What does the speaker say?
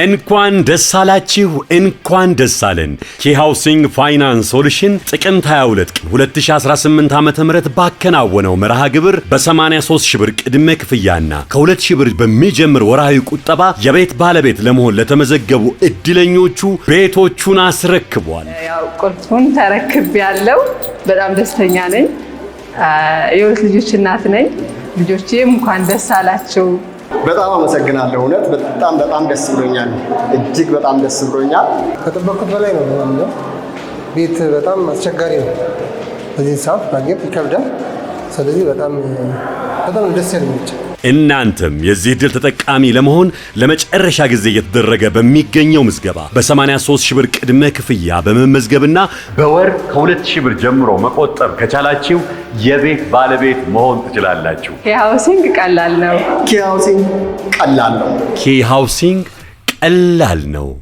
እንኳን ደስ አላችሁ፣ እንኳን ደስ አለን። ኪሃውሲንግ ሃውሲንግ ፋይናንስ ሶሉሽን ጥቅምት 22 ቀን 2018 ዓ.ም ባከናወነው መርሃ ግብር በ83 ሺህ ብር ቅድመ ክፍያና ከ2 ሺህ ብር በሚጀምር ወርሃዊ ቁጠባ የቤት ባለቤት ለመሆን ለተመዘገቡ እድለኞቹ ቤቶቹን አስረክቧል። ያው ተረክብ ያለው በጣም ደስተኛ ነኝ። የሁለት ልጆች እናት ነኝ። ልጆቼም እንኳን ደስ አላቸው በጣም አመሰግናለሁ። እውነት በጣም በጣም ደስ ብሎኛል። እጅግ በጣም ደስ ብሎኛል። ከጠበኩት በላይ ነው። ቤት በጣም አስቸጋሪ ነው። በዚህ ሰዓት ማግኘት ይከብዳል። ስለዚህ በጣም በጣም ደስ ያለኝ እናንተም የዚህ ድል ተጠቃሚ ለመሆን ለመጨረሻ ጊዜ እየተደረገ በሚገኘው ምዝገባ በ83 ሺህ ብር ቅድመ ክፍያ በመመዝገብና በወር ከ2 ሺህ ብር ጀምሮ መቆጠብ ከቻላችሁ የቤት ባለቤት መሆን ትችላላችሁ። ሃውሲንግ ቀላል ነው። ሃውሲንግ ቀላል ነው። ሃውሲንግ ቀላል ነው።